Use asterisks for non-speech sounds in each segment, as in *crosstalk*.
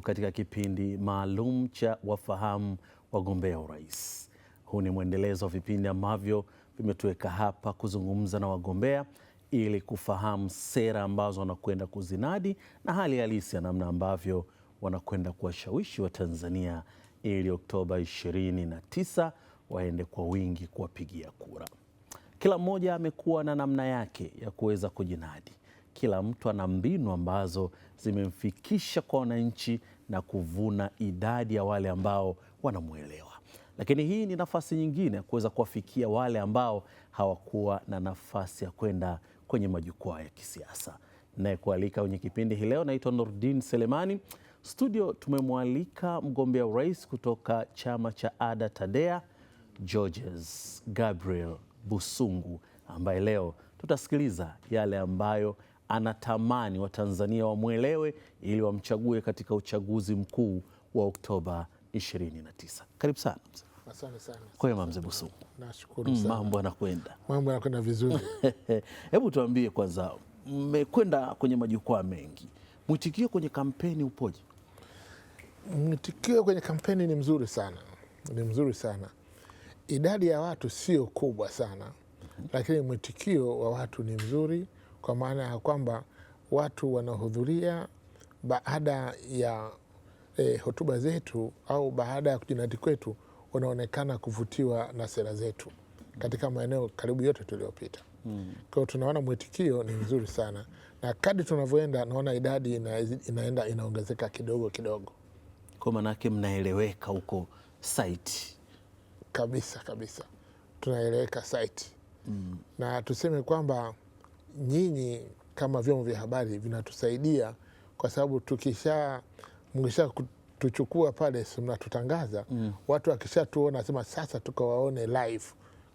karibu katika kipindi maalum cha wafahamu wagombea urais. Huu ni mwendelezo wa vipindi ambavyo vimetuweka hapa kuzungumza na wagombea ili kufahamu sera ambazo wanakwenda kuzinadi na hali halisi ya namna ambavyo wanakwenda kuwashawishi Watanzania ili Oktoba 29 waende kwa wingi kuwapigia kura. Kila mmoja amekuwa na namna yake ya kuweza kujinadi kila mtu ana mbinu ambazo zimemfikisha kwa wananchi na kuvuna idadi ya wale ambao wanamwelewa. Lakini hii ni nafasi nyingine ya kuweza kuwafikia wale ambao hawakuwa na nafasi ya kwenda kwenye majukwaa ya kisiasa. Nayekualika kwenye kipindi hii leo naitwa Nurdin Selemani. Studio tumemwalika mgombea urais kutoka chama cha ADA TADEA, Georges Gabriel Busungu, ambaye leo tutasikiliza yale ambayo anatamani Watanzania wamwelewe ili wamchague katika uchaguzi mkuu wa Oktoba 29. Karibu sana mzee. Asante sana. Kwema mzee Busungu. Nashukuru sana. Mambo yanakwenda. Mambo yanakwenda vizuri. *laughs* Hebu tuambie kwanza, mmekwenda kwenye majukwaa mengi, mwitikio kwenye kampeni upoje? Mwitikio kwenye kampeni ni mzuri sana, ni mzuri sana. Idadi ya watu sio kubwa sana, mhm. lakini mwitikio wa watu ni mzuri kwa maana ya kwamba watu wanahudhuria baada ya e, hotuba zetu au baada ya kujinadi kwetu, wanaonekana kuvutiwa na sera zetu katika maeneo karibu yote tuliyopita. Hmm. Kwa hiyo tunaona mwitikio ni mzuri sana, na kadri tunavyoenda naona idadi ina, inaenda inaongezeka kidogo kidogo. Kwa maanake mnaeleweka huko site kabisa kabisa, tunaeleweka site. Hmm. Na tuseme kwamba nyinyi kama vyombo vya habari vinatusaidia kwa sababu tukisha mkisha tuchukua pale, si mnatutangaza mm. Watu wakishatuona asema sasa tukawaone live,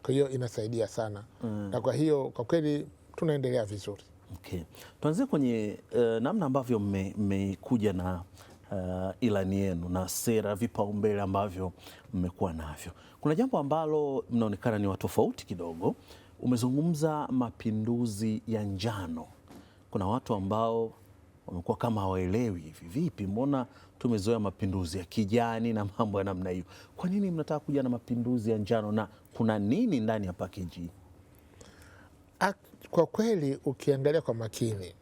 kwa hiyo inasaidia sana mm. Na kwa hiyo kwa kweli tunaendelea vizuri. Okay. Tuanzie kwenye uh, namna ambavyo mmekuja me, na uh, ilani yenu na sera vipaumbele ambavyo mmekuwa navyo. Kuna jambo ambalo mnaonekana ni watofauti kidogo Umezungumza mapinduzi ya njano. Kuna watu ambao wamekuwa kama hawaelewi hivi, vipi, mbona tumezoea mapinduzi ya kijani na mambo ya namna hiyo? Kwa nini mnataka kuja na mapinduzi ya njano na kuna nini ndani ya pakeji ah, Kwa kweli ukiangalia kwa makini,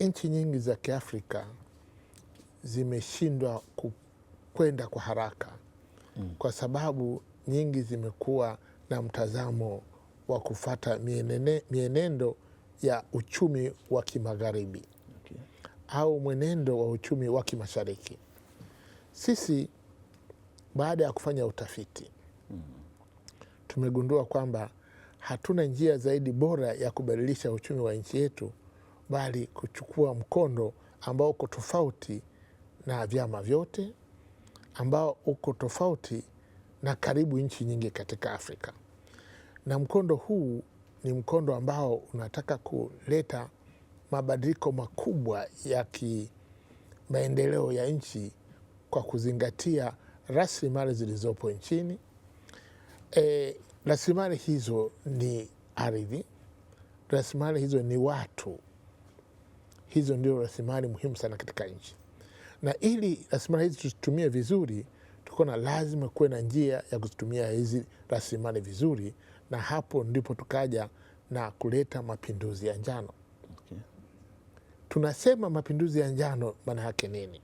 nchi nyingi za Kiafrika zimeshindwa kwenda kwa haraka mm, kwa sababu nyingi zimekuwa na mtazamo wa kufata mienene, mienendo ya uchumi wa kimagharibi okay, au mwenendo wa uchumi wa kimashariki. Sisi baada ya kufanya utafiti mm-hmm. tumegundua kwamba hatuna njia zaidi bora ya kubadilisha uchumi wa nchi yetu bali kuchukua mkondo ambao uko tofauti na vyama vyote, ambao uko tofauti na karibu nchi nyingi katika Afrika na mkondo huu ni mkondo ambao unataka kuleta mabadiliko makubwa ya kimaendeleo ya nchi kwa kuzingatia rasilimali zilizopo nchini. E, rasilimali hizo ni ardhi, rasilimali hizo ni watu, hizo ndio rasilimali muhimu sana katika nchi, na ili rasilimali hizi tuzitumie vizuri tuko na lazima kuwe na njia ya kuzitumia hizi rasilimali vizuri, na hapo ndipo tukaja na kuleta mapinduzi ya njano okay. Tunasema mapinduzi ya njano maana yake nini?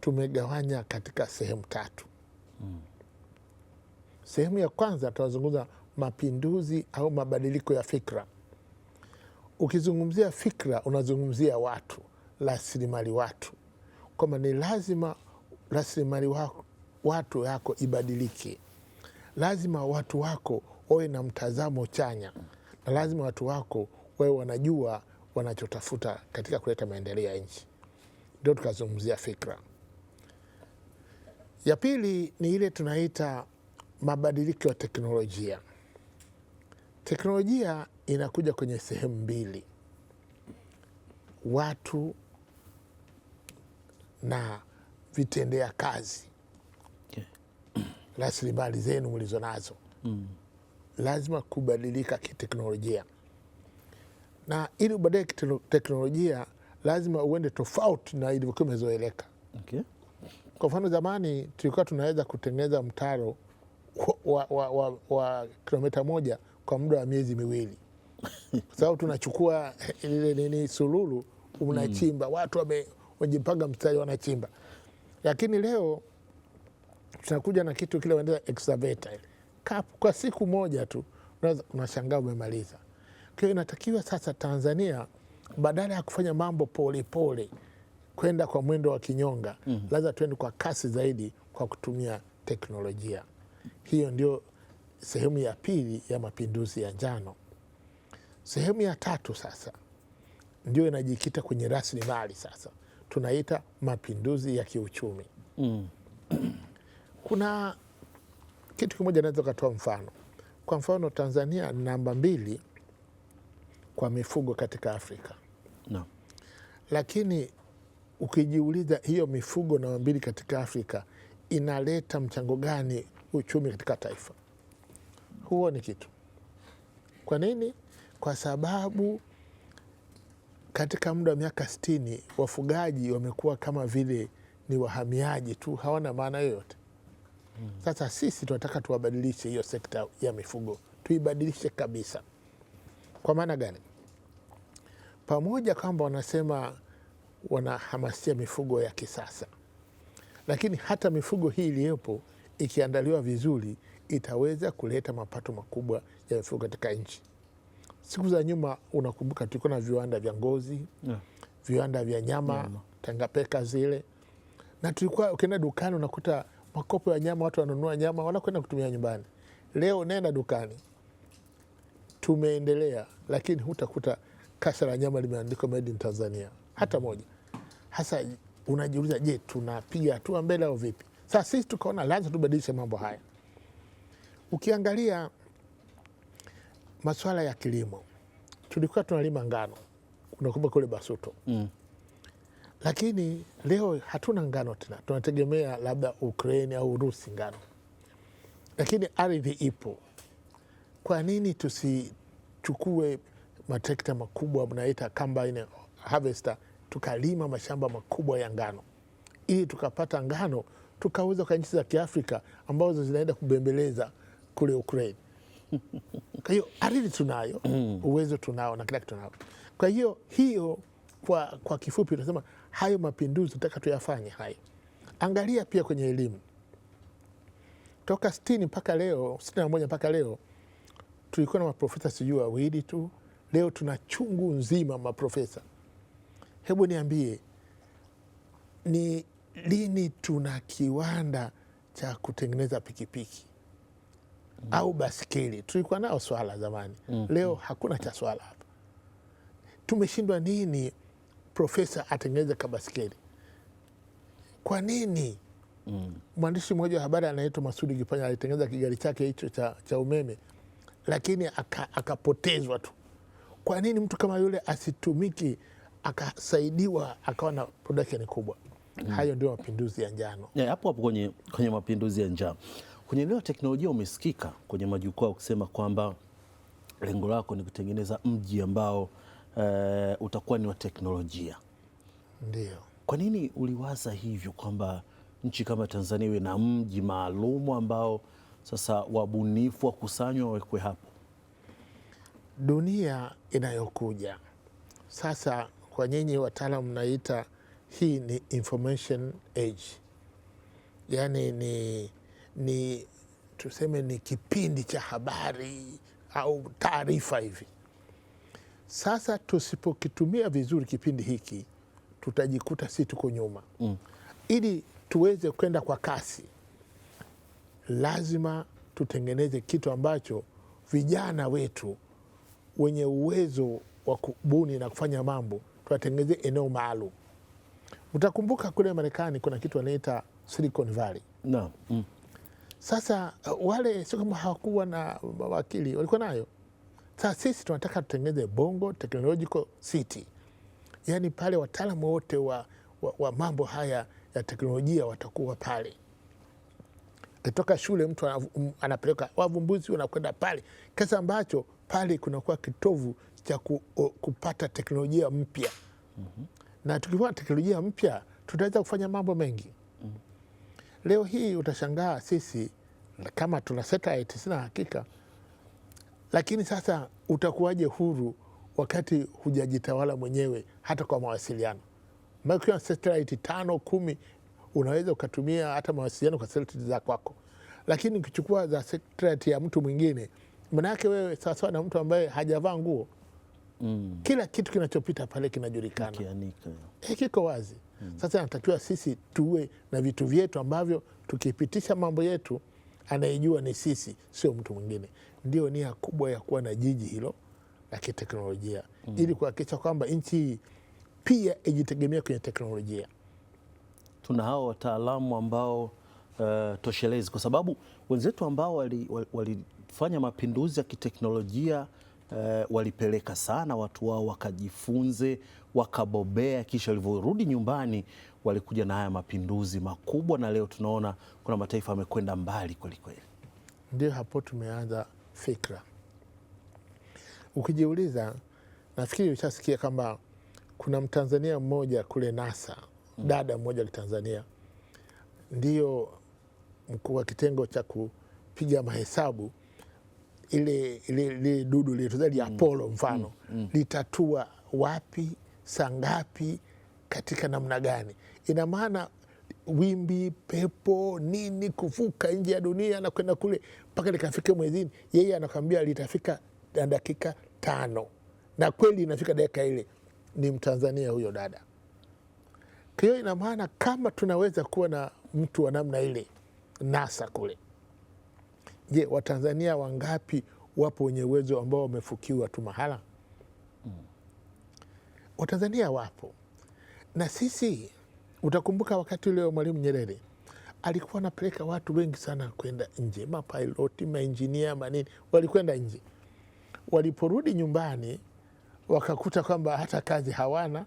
Tumegawanya katika sehemu tatu hmm. Sehemu ya kwanza tunazungumza mapinduzi au mabadiliko ya fikra. Ukizungumzia fikra, unazungumzia watu, rasilimali watu, kwamba ni lazima rasilimali watu yako ibadilike. Lazima watu wako wawe na mtazamo chanya, na lazima watu wako wawe wanajua wanachotafuta katika kuleta maendeleo ya nchi. Ndio tukazungumzia fikra. Ya pili ni ile tunaita mabadiliko ya teknolojia. Teknolojia inakuja kwenye sehemu mbili, watu na vitendea kazi yeah. rasilimali zenu mlizo nazo mm. lazima kubadilika kiteknolojia, na ili ubadilike kiteknolojia lazima uende tofauti na ilivyokuwa imezoeleka okay. Kwa mfano zamani tulikuwa tunaweza kutengeneza mtaro wa, wa, wa, wa kilomita moja kwa muda wa miezi miwili kwa sababu tunachukua eh, ile nini sululu mm. unachimba mm. Watu wamejipanga mstari wanachimba, lakini leo tunakuja na kitu kile wanaita excavator cup, kwa siku moja tu unashangaa umemaliza. Kwa hiyo inatakiwa sasa Tanzania badala ya kufanya mambo polepole pole, kwenda kwa mwendo wa kinyonga mm -hmm. Lazima tuende kwa kasi zaidi kwa kutumia teknolojia. Hiyo ndio sehemu ya pili ya mapinduzi ya njano. Sehemu ya tatu sasa ndio inajikita kwenye rasilimali sasa tunaita mapinduzi ya kiuchumi mm. *clears throat* Kuna kitu kimoja naweza ukatoa mfano. Kwa mfano, Tanzania namba mbili kwa mifugo katika Afrika no. Lakini ukijiuliza hiyo mifugo namba mbili katika Afrika inaleta mchango gani uchumi katika taifa? Huo ni kitu. Kwa nini? Kwa sababu katika muda wa miaka sitini wafugaji wamekuwa kama vile ni wahamiaji tu, hawana maana yoyote. Hmm. Sasa sisi tunataka tuwabadilishe hiyo sekta ya mifugo, tuibadilishe kabisa. Kwa maana gani? Pamoja kwamba wanasema wanahamasia mifugo ya kisasa, lakini hata mifugo hii iliyopo ikiandaliwa vizuri itaweza kuleta mapato makubwa ya mifugo katika nchi. Siku za nyuma unakumbuka, tulikuwa na viwanda vya ngozi yeah, viwanda vya nyama yeah, tangapeka zile, na tulikuwa ukienda dukani unakuta makopo ya nyama, watu wanunua nyama wanakwenda kutumia nyumbani. Leo unaenda dukani, tumeendelea, lakini hutakuta kasha la nyama limeandikwa made in Tanzania hata mm. moja. Hasa unajiuliza, je, tunapiga hatua mbele au vipi? Sasa sisi tukaona lazima tubadilishe mambo haya. Ukiangalia masuala ya kilimo, tulikuwa tunalima ngano, unakumbuka kule Basuto mm. Lakini leo hatuna ngano tena, tunategemea labda Ukraini au Urusi ngano, lakini ardhi ipo. Kwa nini tusichukue matrekta makubwa, mnaita combine harvester, tukalima mashamba makubwa ya ngano ili tukapata ngano tukauza kwa nchi za Kiafrika ambazo zinaenda kubembeleza kule Ukraini *laughs* Kwa hiyo ardhi tunayo mm. uwezo tunao na kila kitu tunao. Kwa hiyo hiyo kwa, kwa kifupi unasema hayo mapinduzi tunataka tuyafanye hayo. Angalia pia kwenye elimu toka sitini mpaka leo sitini na moja mpaka leo tulikuwa na maprofesa sijui wawili tu, leo tuna chungu nzima maprofesa. Hebu niambie ni lini tuna kiwanda cha kutengeneza pikipiki? mm. au baskeli. Tulikuwa nao swala zamani mm. Leo mm. hakuna cha swala hapa. Tumeshindwa nini profesa atengeneze baskeli Kwa nini? mm. Mwandishi mmoja wa habari anaitwa Masudi Kipanya alitengeneza kigari chake hicho cha, cha umeme lakini akapotezwa aka tu. Kwa nini mtu kama yule asitumiki akasaidiwa akawa na production kubwa? mm. Hayo ndio mapinduzi ya njano hapo hapo, kwenye, kwenye mapinduzi ya njano Kwenye eneo la teknolojia umesikika kwenye majukwaa ukisema kwamba lengo lako ni kutengeneza mji ambao e, utakuwa ni wa teknolojia. Ndio. Kwa nini uliwaza hivyo kwamba nchi kama Tanzania iwe na mji maalumu ambao sasa wabunifu wakusanywa wawekwe hapo? Dunia inayokuja sasa, kwa nyinyi wataalam mnaita hii ni information age, yaani ni ni tuseme ni kipindi cha habari au taarifa hivi. Sasa tusipokitumia vizuri kipindi hiki, tutajikuta si tuko nyuma mm. Ili tuweze kwenda kwa kasi, lazima tutengeneze kitu ambacho vijana wetu wenye uwezo wa kubuni na kufanya mambo tuwatengeneze eneo maalum. Utakumbuka kule Marekani kuna kitu wanaita Silicon Valley. No. Mm. Sasa uh, wale sio kama hawakuwa na wakili, walikuwa nayo. Sasa sisi tunataka tutengeneze Bongo Technological City, yaani pale wataalamu wote wa, wa, wa mambo haya ya teknolojia watakuwa pale. Akitoka shule mtu anapeleka wavumbuzi, wanakwenda pale, kiasi ambacho pale kunakuwa kitovu cha ku, kupata teknolojia mpya mm -hmm. na tukipata teknolojia mpya tutaweza kufanya mambo mengi. Leo hii utashangaa sisi kama tuna satellite, sina hakika, lakini sasa utakuwaje huru wakati hujajitawala mwenyewe hata kwa mawasiliano? Ukiwa satellite tano kumi, unaweza ukatumia hata mawasiliano kwa satellite za kwako, lakini ukichukua za satellite ya mtu mwingine, manake wewe sawasawa na mtu ambaye hajavaa nguo mm. Kila kitu kinachopita pale kinajulikana, eh, kiko wazi. Sasa anatakiwa sisi tuwe na vitu vyetu ambavyo tukipitisha mambo yetu anayejua ni sisi, sio mtu mwingine. Ndio nia kubwa ya kuwa na jiji hilo la kiteknolojia mm. ili kuhakikisha kwamba nchi pia ijitegemea kwenye teknolojia. Tuna hao wataalamu ambao uh, toshelezi, kwa sababu wenzetu ambao walifanya wali mapinduzi ya kiteknolojia eh, walipeleka sana watu wao wakajifunze wakabobea, kisha walivyorudi nyumbani walikuja na haya mapinduzi makubwa, na leo tunaona kuna mataifa yamekwenda mbali kwelikweli. Ndio hapo tumeanza fikra. Ukijiuliza, nafikiri ushasikia kwamba kuna mtanzania mmoja kule NASA, mm. dada mmoja wa Kitanzania ndiyo mkuu wa kitengo cha kupiga mahesabu ile ile dudu lile ya mm. Apollo mfano mm, mm. litatua wapi saa ngapi katika namna gani? Ina maana wimbi, pepo, nini kuvuka nje ya dunia na kwenda kule mpaka likafika mwezini, yeye anakwambia litafika na dakika tano, na kweli inafika dakika ile. Ni Mtanzania huyo dada. Kwa hiyo ina maana kama tunaweza kuwa na mtu wa namna ile NASA kule Je, Watanzania wangapi wapo wenye uwezo ambao wamefukiwa tu mahala? mm. Watanzania wapo na sisi. Utakumbuka wakati ule wa Mwalimu Nyerere alikuwa anapeleka watu wengi sana kwenda nje, mapiloti, mainjinia, manini, walikwenda nje. Waliporudi nyumbani, wakakuta kwamba hata kazi hawana,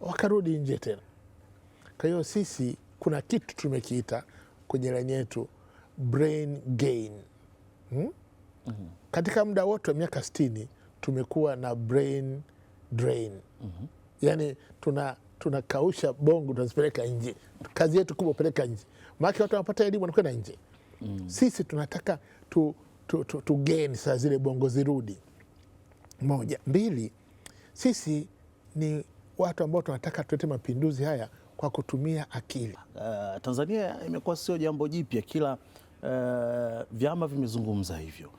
wakarudi nje tena. Kwa hiyo sisi kuna kitu tumekiita kwenye lani yetu brain gain hmm? Mm -hmm. Katika muda wote wa miaka 60 tumekuwa na brain drain. Mm -hmm. Yaani tuna tunakausha bongo tunazipeleka nje. Kazi yetu kubwa peleka nje, maana watu wanapata elimu wanakwenda nje. Mm -hmm. Sisi tunataka tu, tu, tu, tu gain saa zile bongo zirudi. Moja, mbili, sisi ni watu ambao tunataka tuete mapinduzi haya kwa kutumia akili. Uh, Tanzania imekuwa sio jambo jipya kila Eh, vyama vimezungumza hivyo,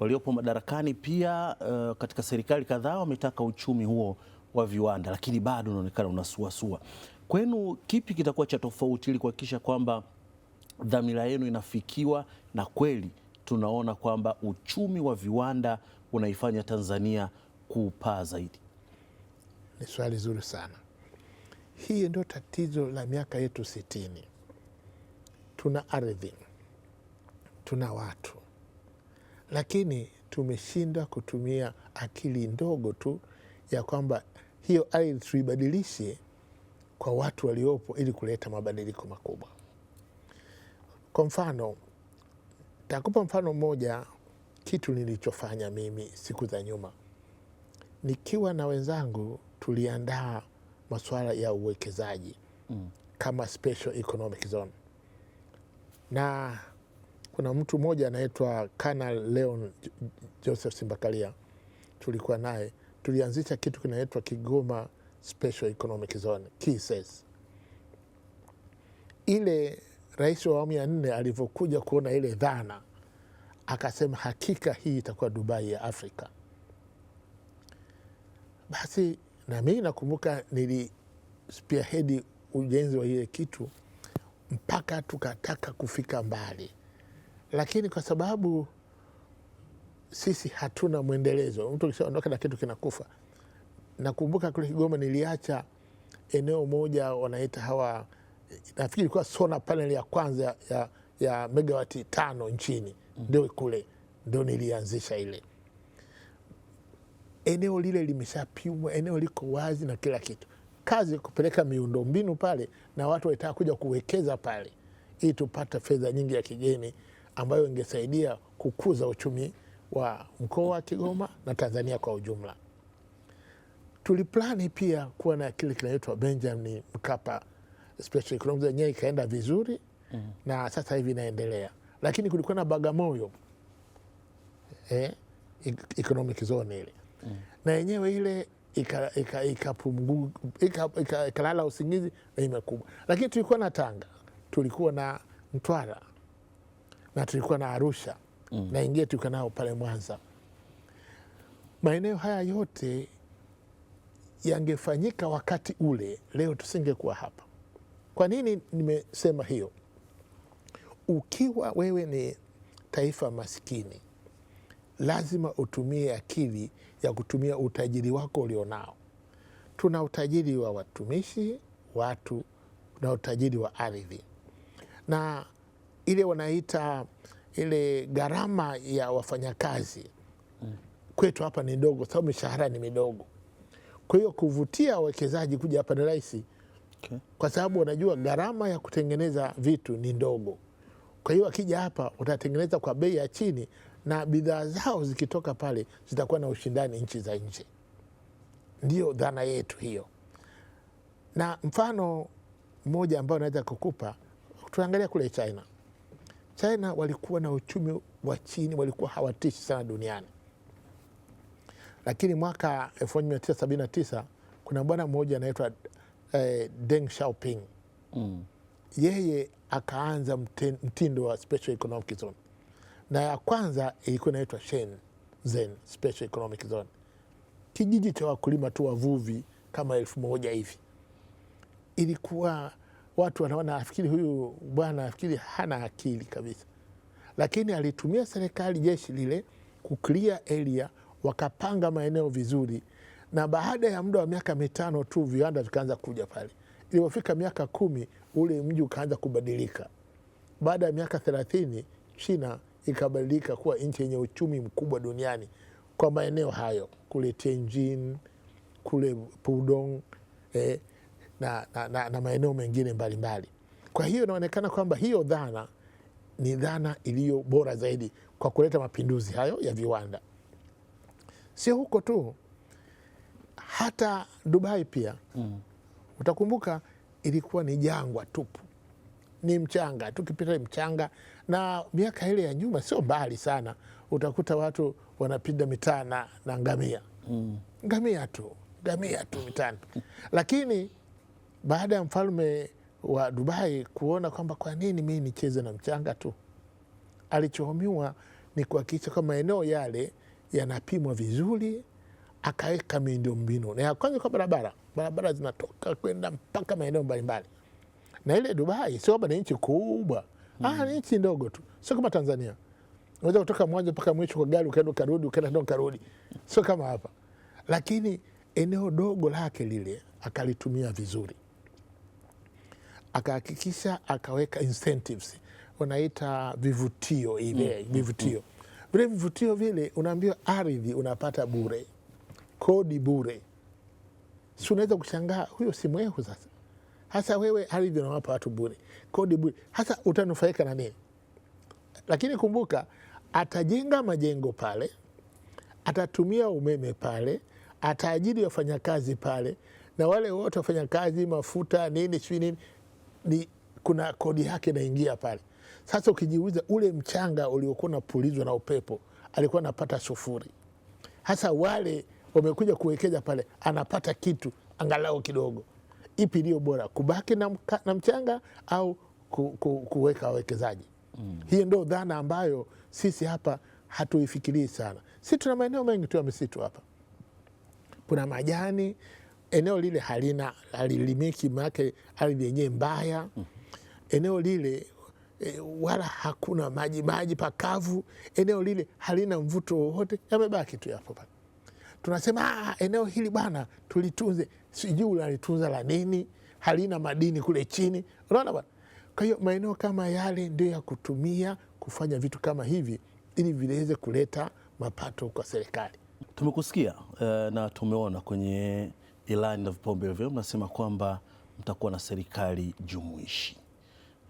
waliopo madarakani pia uh, katika serikali kadhaa wametaka uchumi huo wa viwanda, lakini bado unaonekana unasuasua. Kwenu kipi kitakuwa cha tofauti ili kuhakikisha kwamba dhamira yenu inafikiwa na kweli tunaona kwamba uchumi wa viwanda unaifanya Tanzania kupaa zaidi? Ni swali zuri sana. Hii ndio tatizo la miaka yetu sitini. Tuna ardhi tuna watu, lakini tumeshindwa kutumia akili ndogo tu ya kwamba hiyo ardhi tuibadilishe kwa watu waliopo ili kuleta mabadiliko makubwa. Kwa mfano, takupa mfano mmoja, kitu nilichofanya mimi siku za nyuma, nikiwa na wenzangu tuliandaa masuala ya uwekezaji mm. kama special economic zone na kuna mtu mmoja anaitwa Kana Leon Joseph Simbakalia, tulikuwa naye, tulianzisha kitu kinaitwa Kigoma Special Economic Zone Ile rais wa awamu ya nne alivyokuja kuona ile dhana, akasema hakika hii itakuwa Dubai ya Afrika. Basi na mimi nakumbuka nili spearhead ujenzi wa ile kitu mpaka tukataka kufika mbali lakini kwa sababu sisi hatuna mwendelezo, mtu kishaondoka na kitu kinakufa. Nakumbuka kule Kigoma niliacha eneo moja wanaita hawa, nafikiri ilikuwa sona panel ya kwanza ya, ya megawati tano nchini mm. Ndio kule ndio nilianzisha ile eneo lile limeshapimwa, eneo liko wazi na kila kitu. Kazi kupeleka mbinu pale na watu walitaka kuja kuwekeza pale ili tupata fedha nyingi ya kigeni ambayo ingesaidia kukuza uchumi wa mkoa wa Kigoma na Tanzania kwa ujumla. Tuliplani pia kuwa na kile kinaitwa Benjamin Mkapa Special Economic Zone, yenyewe ikaenda vizuri mm. na sasa hivi inaendelea, lakini kulikuwa na Bagamoyo eh, economic zone ile mm. na yenyewe ile ikalala usingizi na imekubwa, lakini tulikuwa na Tanga, tulikuwa na Mtwara na tulikuwa na Arusha mm. na ingine tulikuwa nao pale Mwanza. Maeneo haya yote yangefanyika wakati ule, leo tusingekuwa hapa. Kwa nini nimesema hiyo? Ukiwa wewe ni taifa maskini, lazima utumie akili ya kutumia utajiri wako ulionao. Tuna utajiri wa watumishi watu na utajiri wa ardhi, na ile wanaita ile gharama ya wafanyakazi mm. kwetu hapa ni ndogo, sababu mishahara ni midogo. Kwa hiyo kuvutia wawekezaji kuja hapa ni rahisi okay. kwa sababu wanajua gharama ya kutengeneza vitu ni ndogo. Kwa hiyo akija hapa utatengeneza kwa bei ya chini, na bidhaa zao zikitoka pale zitakuwa na ushindani nchi za nje. Ndiyo dhana yetu hiyo, na mfano mmoja ambao naweza kukupa, tuangalia kule China China walikuwa na uchumi wa chini, walikuwa hawatishi sana duniani, lakini mwaka 1979 kuna bwana mmoja anaitwa eh, Deng Xiaoping mm. Yeye akaanza mtindo wa special economic zone, na ya kwanza ilikuwa inaitwa Shenzhen special economic zone, kijiji cha wakulima tu wavuvi kama elfu moja hivi ilikuwa watu wanaona, afikiri huyu bwana afikiri hana akili kabisa, lakini alitumia serikali jeshi lile kuklia eria, wakapanga maeneo vizuri, na baada ya muda wa miaka mitano tu viwanda vikaanza kuja pale. Ilipofika miaka kumi ule mji ukaanza kubadilika. Baada ya miaka thelathini China ikabadilika kuwa nchi yenye uchumi mkubwa duniani kwa maeneo hayo, kule Tianjin, kule Pudong eh, na, na, na, na maeneo mengine mbalimbali. Kwa hiyo inaonekana kwamba hiyo dhana ni dhana iliyo bora zaidi kwa kuleta mapinduzi hayo ya viwanda. Sio huko tu, hata Dubai pia mm. Utakumbuka ilikuwa ni jangwa tupu, ni mchanga tukipita mchanga, na miaka ile ya nyuma sio mbali sana, utakuta watu wanapinda mitaa na ngamia mm. ngamia tu ngamia tu mitaani lakini baada ya mfalme wa Dubai kuona kwamba kwa nini mii nicheze na mchanga tu, alichohumiwa ni kuhakikisha kwamba maeneo yale yanapimwa vizuri, akaweka miundombinu na ya kwanza kwa barabara. Barabara zinatoka kwenda mpaka maeneo mbalimbali, na ile Dubai sio kwamba ni nchi kubwa ah, mm. Ah, ni nchi ndogo tu, sio kama Tanzania unaweza kutoka mwanzo mpaka mwisho kwa gari ukaenda ukarudi ukaenda ndo ukarudi, sio kama hapa, lakini eneo dogo lake lile akalitumia vizuri akahakikisha akaweka incentives, unaita vivutio ile mm, mm. vivutio mm. vile vivutio vile, unaambiwa ardhi unapata bure, kodi bure, si unaweza kushangaa, huyo si mwehu sasa. Hasa wewe ardhi unawapa watu bure, kodi bure, hasa utanufaika na nini? Lakini kumbuka, atajenga majengo pale, atatumia umeme pale, ataajiri wafanyakazi pale, na wale wote wafanyakazi, mafuta, nini sijui nini ni kuna kodi yake inaingia pale. Sasa ukijiuliza, ule mchanga uliokuwa unapulizwa na upepo alikuwa anapata sufuri, hasa wale wamekuja kuwekeza pale, anapata kitu angalau kidogo. Ipi iliyo bora, kubaki na, mka, na mchanga au ku, ku, kuweka wawekezaji mm. Hii ndo dhana ambayo sisi hapa hatuifikirii sana. Si tuna maeneo mengi tu ya misitu hapa, kuna majani eneo lile halina halilimiki, maanake ardhi yenyewe mbaya. Eneo lile e, wala hakuna maji maji, pakavu. Eneo lile halina mvuto wowote, yamebaki tu yapo pale. Tunasema ah, eneo hili bwana, tulitunze, sijui unalitunza la nini, halina madini kule chini. Unaona bwana. Kwa hiyo maeneo kama yale ndio ya kutumia kufanya vitu kama hivi ili viweze kuleta mapato kwa serikali. Tumekusikia uh, na tumeona kwenye ilani na vipaumbele vyao mnasema kwamba mtakuwa na serikali jumuishi.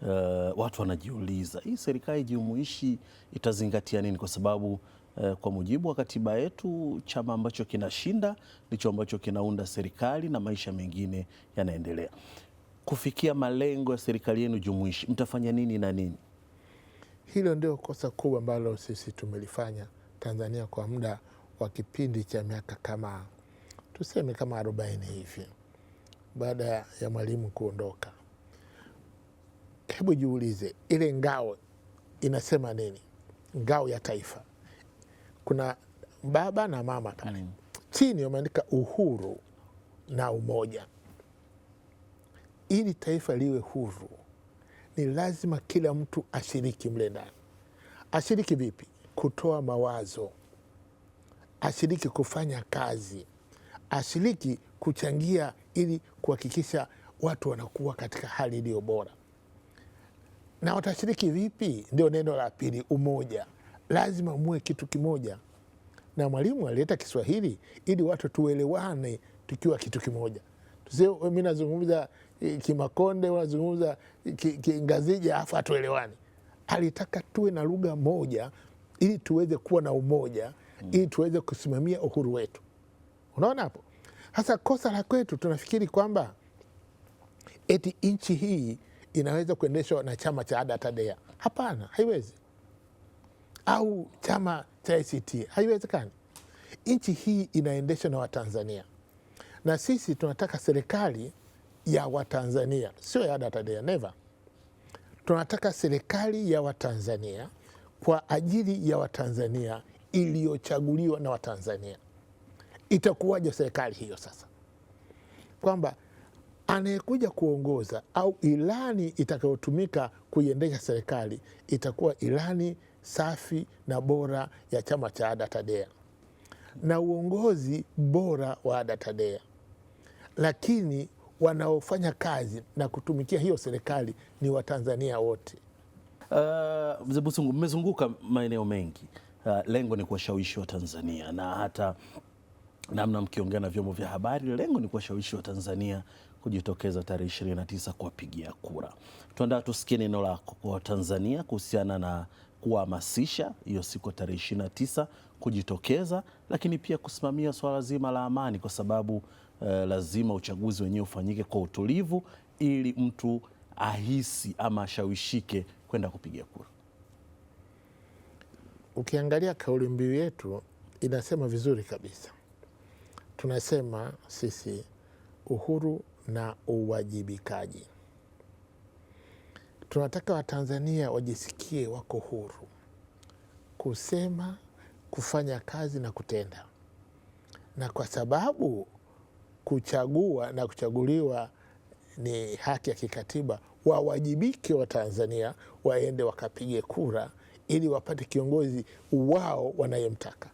Uh, watu wanajiuliza hii serikali jumuishi itazingatia nini? Kwa sababu uh, kwa mujibu wa katiba yetu chama ambacho kinashinda ndicho ambacho kinaunda serikali na maisha mengine yanaendelea. Kufikia malengo ya serikali yenu jumuishi mtafanya nini na nini? Hilo ndio kosa kubwa ambalo sisi tumelifanya Tanzania kwa muda wa kipindi cha miaka kama tuseme kama arobaini hivi baada ya mwalimu kuondoka. Hebu jiulize ile ngao inasema nini? Ngao ya taifa, kuna baba na mama pale chini wameandika uhuru na umoja. Ili taifa liwe huru, ni lazima kila mtu ashiriki mle ndani. Ashiriki vipi? Kutoa mawazo, ashiriki kufanya kazi ashiriki kuchangia ili kuhakikisha watu wanakuwa katika hali iliyo bora. Na watashiriki vipi? Ndio neno la pili, umoja. Lazima muwe kitu kimoja, na Mwalimu alileta Kiswahili ili watu tuelewane tukiwa kitu kimoja. Mi nazungumza eh, Kimakonde, unazungumza Kingazija, afu hatuelewani. Alitaka tuwe na lugha moja ili tuweze kuwa na umoja, mm. ili tuweze kusimamia uhuru wetu. Unaona hapo hasa kosa la kwetu tunafikiri kwamba eti nchi hii inaweza kuendeshwa na chama cha ada TADEA. Hapana, haiwezi, au chama cha ACT, haiwezekani. Nchi hii inaendeshwa na Watanzania na sisi tunataka serikali ya Watanzania, sio ya ada TADEA, never. Tunataka serikali ya Watanzania kwa ajili ya Watanzania, iliyochaguliwa na Watanzania itakuwaje serikali hiyo sasa, kwamba anayekuja kuongoza au ilani itakayotumika kuiendesha serikali itakuwa ilani safi na bora ya chama cha ADA TADEA na uongozi bora wa ADA TADEA, lakini wanaofanya kazi na kutumikia hiyo serikali ni Watanzania wote. Uh, mzee Busungu, mmezunguka maeneo mengi uh, lengo ni kuwashawishi Watanzania na hata namna mkiongea na vyombo vya habari, lengo ni kuwashawishi Watanzania kujitokeza tarehe 29 kuwapigia kura. Tuandaa tusikie neno lako kwa Watanzania kuhusiana na kuhamasisha hiyo siku tarehe 29 kujitokeza, lakini pia kusimamia swala zima la amani, kwa sababu eh, lazima uchaguzi wenyewe ufanyike kwa utulivu ili mtu ahisi ama ashawishike kwenda kupiga kura. Ukiangalia kauli mbiu yetu inasema vizuri kabisa tunasema sisi uhuru na uwajibikaji. Tunataka Watanzania wajisikie wako huru kusema, kufanya kazi na kutenda, na kwa sababu kuchagua na kuchaguliwa ni haki ya kikatiba, wawajibike Watanzania, waende wakapige kura ili wapate kiongozi wao wanayemtaka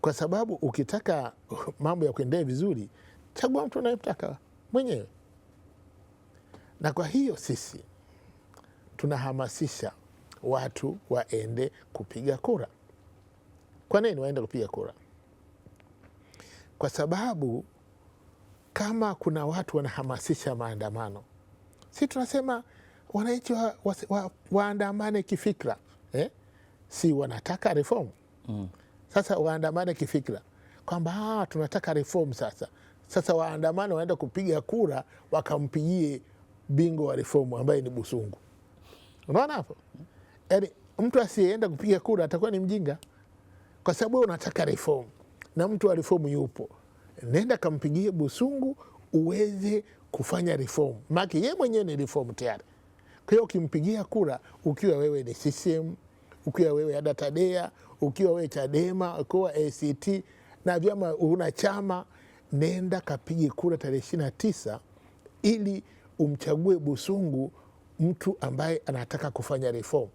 kwa sababu ukitaka mambo ya kuendea vizuri, chagua mtu unayemtaka mwenyewe. Na kwa hiyo sisi tunahamasisha watu waende kupiga kura. Kwa nini waende kupiga kura? Kwa sababu kama kuna watu wanahamasisha maandamano, si tunasema wananchi wa, wa, wa, waandamane kifikra eh? si wanataka reform mm. Sasa waandamane kifikra kwamba ah, tunataka reform sasa. Sasa waandamane wanaenda kupiga kura wakampigie bingo wa reform ambaye ni Busungu. Unaona hapo? Yaani mtu asiyeenda kupiga kura atakuwa ni mjinga, kwa sababu unataka reform na mtu wa reform yupo, nenda kampigie Busungu uweze kufanya reform, maana yeye mwenyewe ni reform tayari. Kwa hiyo ukimpigia kura ukiwa wewe ni CCM, ukiwa wewe Adata Dea ukiwa we Chadema, ukiwa ACT na vyama, una chama, nenda kapige kura tarehe ishirini na tisa ili umchague Busungu, mtu ambaye anataka kufanya reform.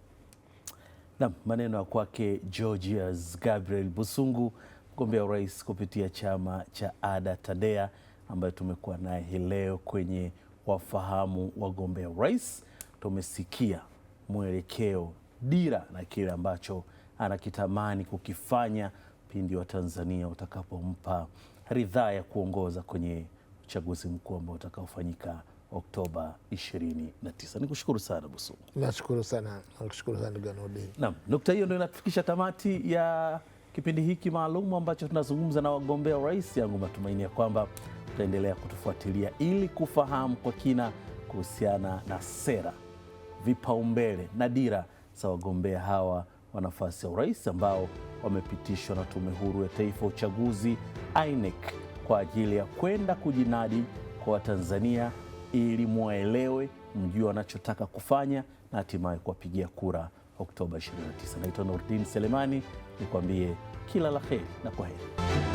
Nam, maneno ya kwake Georgias Gabriel Busungu, mgombea urais kupitia chama cha ADA TADEA, ambayo tumekuwa naye hii leo kwenye wafahamu wagombea urais. Tumesikia mwelekeo, dira na kile ambacho anakitamani kukifanya pindi wa Tanzania utakapompa ridhaa ya kuongoza kwenye uchaguzi mkuu ambao utakaofanyika Oktoba 29. Nikushukuru sana Busu. Nashukuru sana, nakushukuru sana Ganudi. Naam, nukta hiyo ndio inatufikisha tamati ya kipindi hiki maalum ambacho tunazungumza na wagombea urais. Yangu matumaini ya kwamba tutaendelea kutufuatilia ili kufahamu kwa kina kuhusiana na sera, vipaumbele na dira za wagombea hawa wa nafasi ya urais ambao wamepitishwa na Tume Huru ya Taifa Uchaguzi INEC kwa ajili ya kwenda kujinadi kwa Watanzania ili mwaelewe, mjue wanachotaka kufanya na hatimaye kuwapigia kura Oktoba 29. Naitwa Nurdin Selemani, nikuambie kila la heri na kwa heri.